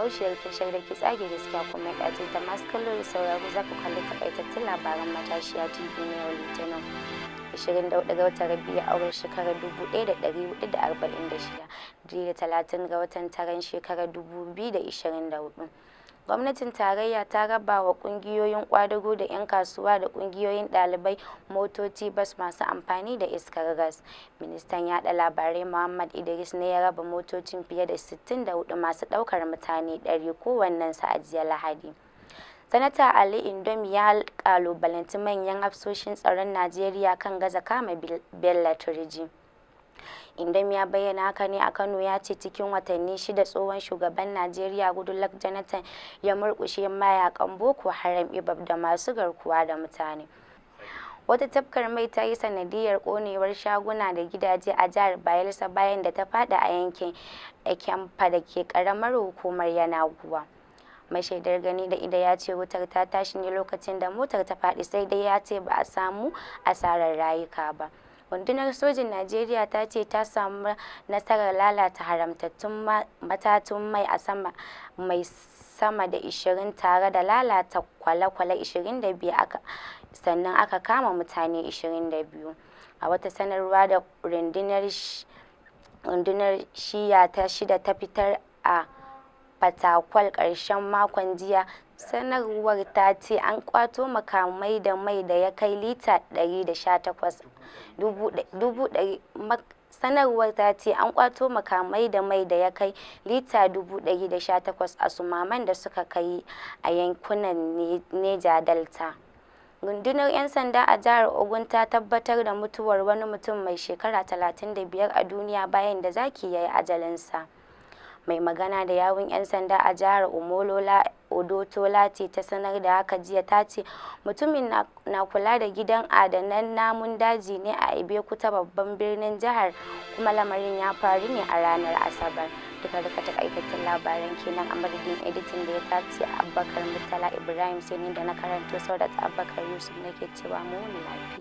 baushiyar tashar da ke tsage gaskiya kuma ya ta masu kallo da sauraro za ku kalli takaitattun labaran matashiya tv na yau litinin 24 ga watan a auren shekarar dubu daidai da 30 ga watan taron shekarar 2024 Gwamnatin tarayya ta raba wa kungiyoyin ƙwadago da 'yan kasuwa da kungiyoyin ɗalibai motoci bas masu amfani da iskar gas. Ministan Yaɗa Labarai Muhammad Idris ne ya raba motocin fiye da 64 masu ɗaukar mutane 100 kowannen sa jiya Lahadi. Sanata Ali Indomi ya kalubalanci manyan hafsoshin tsaron Najeriya kan gaza kama Bello turiji. inda ya bayyana haka ne a Kano ya ce cikin watanni shida tsohon shugaban Najeriya Goodluck Jonathan ya murkushe mayakan Boko Haram Ibab da masu garkuwa da mutane. wata tafkar mai ta yi sanadiyar konewar shaguna da gidaje a jihar bayelsa bayan da ta fada a yankin ekempa da ke karamar hukumar yanaguwa mai shaidar gani da ida ya ce wutar ta tashi ne lokacin da motar ta faɗi sai dai ya ce ba a samu asarar rayuka ba Rundunar Sojin Najeriya ta ce ta samu nasarar lalata haramtattun matatun mai a sama mai sama da 20 tare da lalata kwale-kwale 25 sannan aka kama mutane 22. A wata sanarwa da rundunar shiya ta shida ta fitar a fatakwal karshen makon jiya sanarwar ta ce an kwato makamai da mai da ya kai lita 118 dubu ɗari sanarwar ta ce an kwato makamai da mai da ya kai lita dubu da sha takwas a sumaman da suka kai a yankunan neja delta rundunar 'yan sanda a jihar ogun ta tabbatar da mutuwar wani mutum mai shekara talatin da biyar a duniya bayan da zaki ya yi ajalinsa mai magana da yawun 'yan sanda a jihar umolola Odotola ce ta sanar da haka jiya ta ce mutumin na kula da gidan adanan namun daji ne a ta babban birnin jihar kuma lamarin ya faru ne a ranar Asabar. Duka duka takaitattun labaran kenan a madadin editin da ya tace Abubakar Murtala Ibrahim sai da na karanto da Abubakar Yusuf nake cewa mu lafiya.